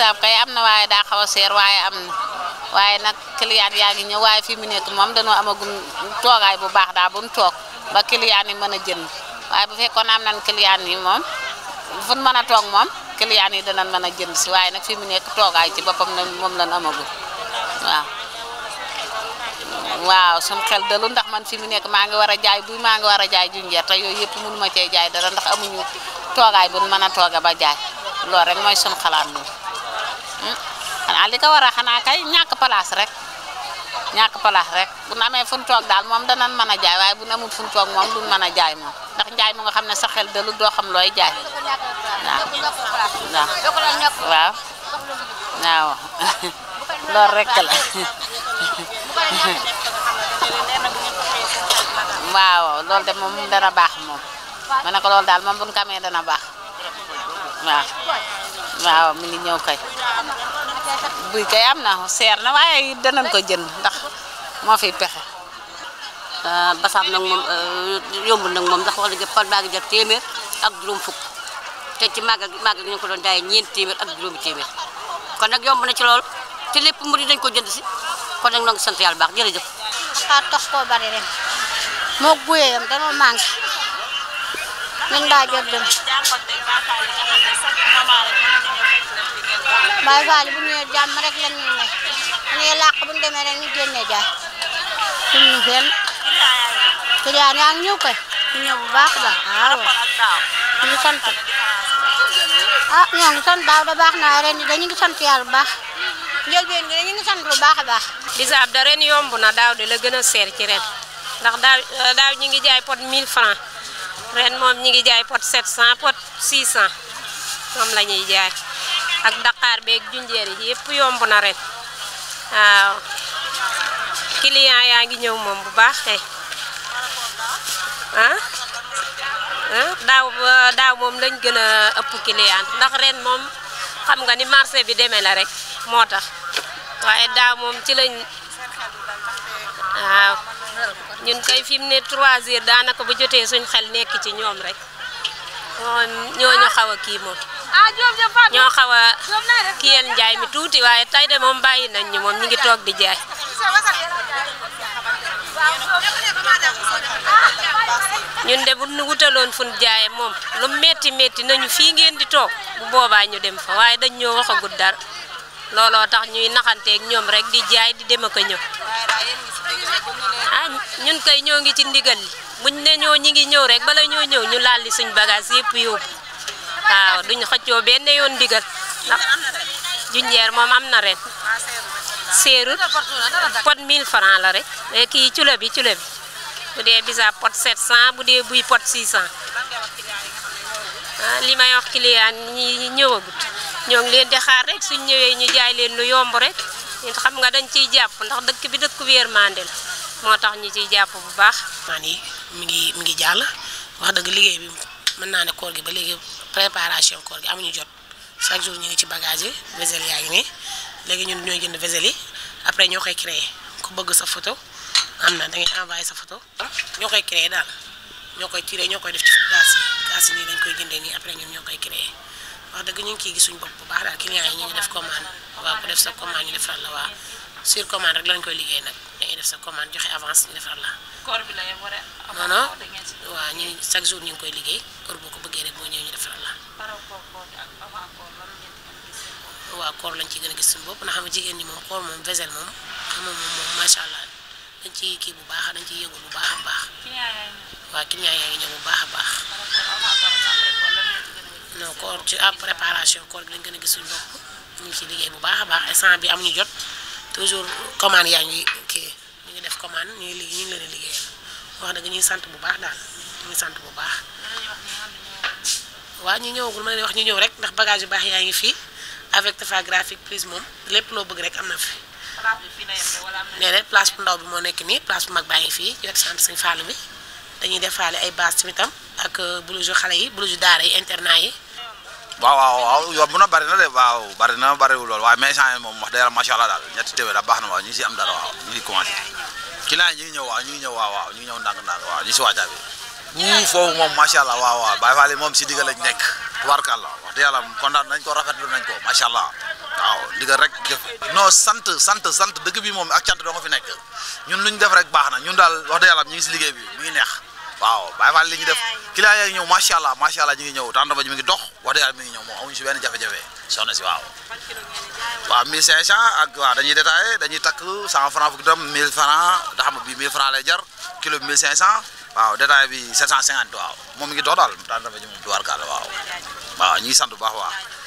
bisaab am na waaye daa xaw a seer waaye am na waaye nag client yaa ngi ñëw waaye fi mu nekk moom dañoo amagum toogaay bu baax daa buñ toog ba client yi mën a jënd waaye bu fekkoon am nañ client yi moom fu mën a toog moom client yi danañ mën a jënd si waaye nag fi mu nekk toogaay ci boppam na moom lan amagum waaw waaw suñ xel ndax man fi mu nekk maa ngi war a jaay buy maa ngi war jaay ji te yooyu yëpp mënu ma cee jaay dara ndax amuñu toogaay bu mën a tooga ba jaay loolu rek mooy suñ xalaat moom xanaa li ko war a xanaa kay ñàkk place rek ñàkk place rek bu nu amee fu nu toog daal moom danañ mën a jaay waaye bu nu amul fu nu toog moom duñ mën a jaay moom ndax njaay mu nga xam ne sa xel doo xam looy jaay waaw waaw waaw rek la waaw loolu de moom dana baax moom ma ne ko loolu daal moom bu nu ko dana baax waaw. waaw mi ngi ñëw kay buy kay am na seer na waaye dana ko jënd ndax moo fiy pexe ah, basaab na moom euh, yombul na moom ndax wax dëgg pal téeméer ak juróom fukk te ci màggal màggal gi ñu ko doon jaayee ñeenti téeméer ak juróomi téeméer kon nag yomb na ci lool te lépp mbir dañ ko jënd si kon nag ñoo ngi sant yàlla baax jërëjëf. xaar tax koo bari ren moo guyee danoo manqué min daa jot dem Baye Fall bu ñëwee jàmm rek la ñuy may bu ñuy làq bu ñu rek ñu génne jaay suñu ñu génn client yaa ngi ñëw kay ñu bu baax a baax waaw ñu ah ñoo ngi sant daaw da baax na ren dañu ngi sant yàlla bu baax njëlbeen gi dañu ngi sant bu baax a baax. bisaab da ren yomb na daaw di la gën a seer ci ren ndax daaw euh, daaw ñi ngi jaay pot 1000 francs ren moom ñi ngi jaay pot 700 pot 600 moom la ñuy jaay. ak daqaar beeg junjeer yi yëpp yomb na ren waaw client yaa ngi ñëw moom bu baax tey ah, ah? daaw moom lañ gën a ëpp client ndax ren moom xam nga ni marché bi demee la rek moo tax waaye daaw moom ci lañ waaw ñun kay fi mu ne 3 heures daanaka bu jotee suñ xel nekk ci ñoom rek ñooñu xaw a kii moom. Ah, ñoo xaw a njaay mi tuuti waaye tey de moom bàyyi nañ ñu moom ñu ngi toog di jaay. ñun de bu nu wutaloon fun jaaye moom lu metti metti nañu fii ngeen di toog bu boobaa ñu dem fa waaye dañ ñoo waxagut dara looloo tax ñuy naxanteeg ñoom rek di jaay di dem ak a ñëw ah, ñun kay ñoo ngi ci ndigal li buñ ne ñoo ñi ngi ñëw rek bala ñoo ñëw ñu laal li suñ bagage yëpp yóbbu waaw duñ xëccoo benn yoon ndigal ndax junjeer moom am na ren séerut pot 1000 francs la rek eh, kii culo bi culo bi bu dee bisaab pot 700 bu dee buy pot 600 ah, li may wax client ñi ñëwagut ñoo ngi leen di xaar rek suñ ñëwee ñu jaay leen lu yomb rek ñun xam nga dañ ciy jàpp ndax dëkk bi dëkk bu yërmande la moo tax ñu ciy jàpp bu baax. maa nii mi ngi mi ngi jàll wax dëgg liggéey bi. mën naa ne koor gi ba léegi préparation koor gi amuñu jot chaque jour ñu ngi ci bagage yi vaisselle yaa nii léegi ñun ñooy jënd vaisselle yi après ñoo koy créer ku bëgg sa photo am na da ngay envoyé sa photo ñoo koy créé daal ñoo koy tiré ñoo koy def ci kaas yi dañ koy jëndee nii après ñun ñoo koy créé wax dëgg ñu ngi ciy gis bopp bu baax daal client yi ñu ngi def commande waaw ku def sa commande ñu defal la waa sur commande rek lañ koy liggéey nag. ngay def sa commande joxe avance ñu defar la. koor bi la a. non non ñu ngi koy liggéey heure boo ko bëggee rek moo ñëw ñu defar la. waaw koor lañ ci gën a gis suñu bopp ndax xam nga jigéen ñi moom koor moom vaisselle moom xam moom moom macha allah dañ ci kii bu baax dañ ci yëngu bu baax a baax. waaw client yaa ngi ñëw bu baax a baax. non koor ci ab préparation koor gi lañ gën a gis suñu bopp ñu ci liggéey bu baax a baax instant bi amuñu jot toujours commande yaa commande ñu ngi léegi ñu ngi leen a wax dëgg ñuy sant bu baax daal ñuy sant bu baax waaw ñu ñëwagul ma leen wax ñu ñëw rek ndax bagage yu baax yaa ngi fii avec Tafa graphique lépp loo bëgg rek am na fi nee place bu ndaw bi moo nekk nii place bu mag ngi fii sant Sëñ Fallu bi dañuy defaale ay bâche tamitam ak euh, blouse xale yi blouse daara yi internat yi waaw waaw na bari na de waaw bari na bariwul lool waaye mais instant moom wax dëgg yàlla macha daal ñetti téeméer daal baax na waaw ñu si am dara waaw ñu ngi client yi ñu ngi ñëw waaw ñu ngi ñëw waaw waaw ñu ngi ñëw ndànk-ndànk waaw ñu si waajal bi bu foofu moom macha allah waaw waaw Baye Fall moom si digal lañ nekk tubaarkàlla wax dëgg yàlla kontaan nañ ko rafetlu nañ ko macha allah waaw digal rek jëf sant sant sant dëgg bi moom ak cant doo nga fi nekk ñun luñ def rek baax na ñun daal wax dëgg yàlla ngi si liggéey bi mu ngi neex waaw Baye Fall li def client yaa ngi ñëw macha allah macha allah ñu ngi ñëw tànn ba mi ngi dox wax dëgg mi ngi ñëw moom amuñu si benn jafe-jafe soxna si waaw. waaw 1500 ak waaw dañuy détaillé dañuy takk 100 francs fukki dërëm 1000 francs nga xam ne bii 1000 jar kilo bi 1500 waaw détaillé bi 750 waaw moom mi ngi dox daal tànn ba ji moom du waaw waaw ñi ngi sant bu baax waa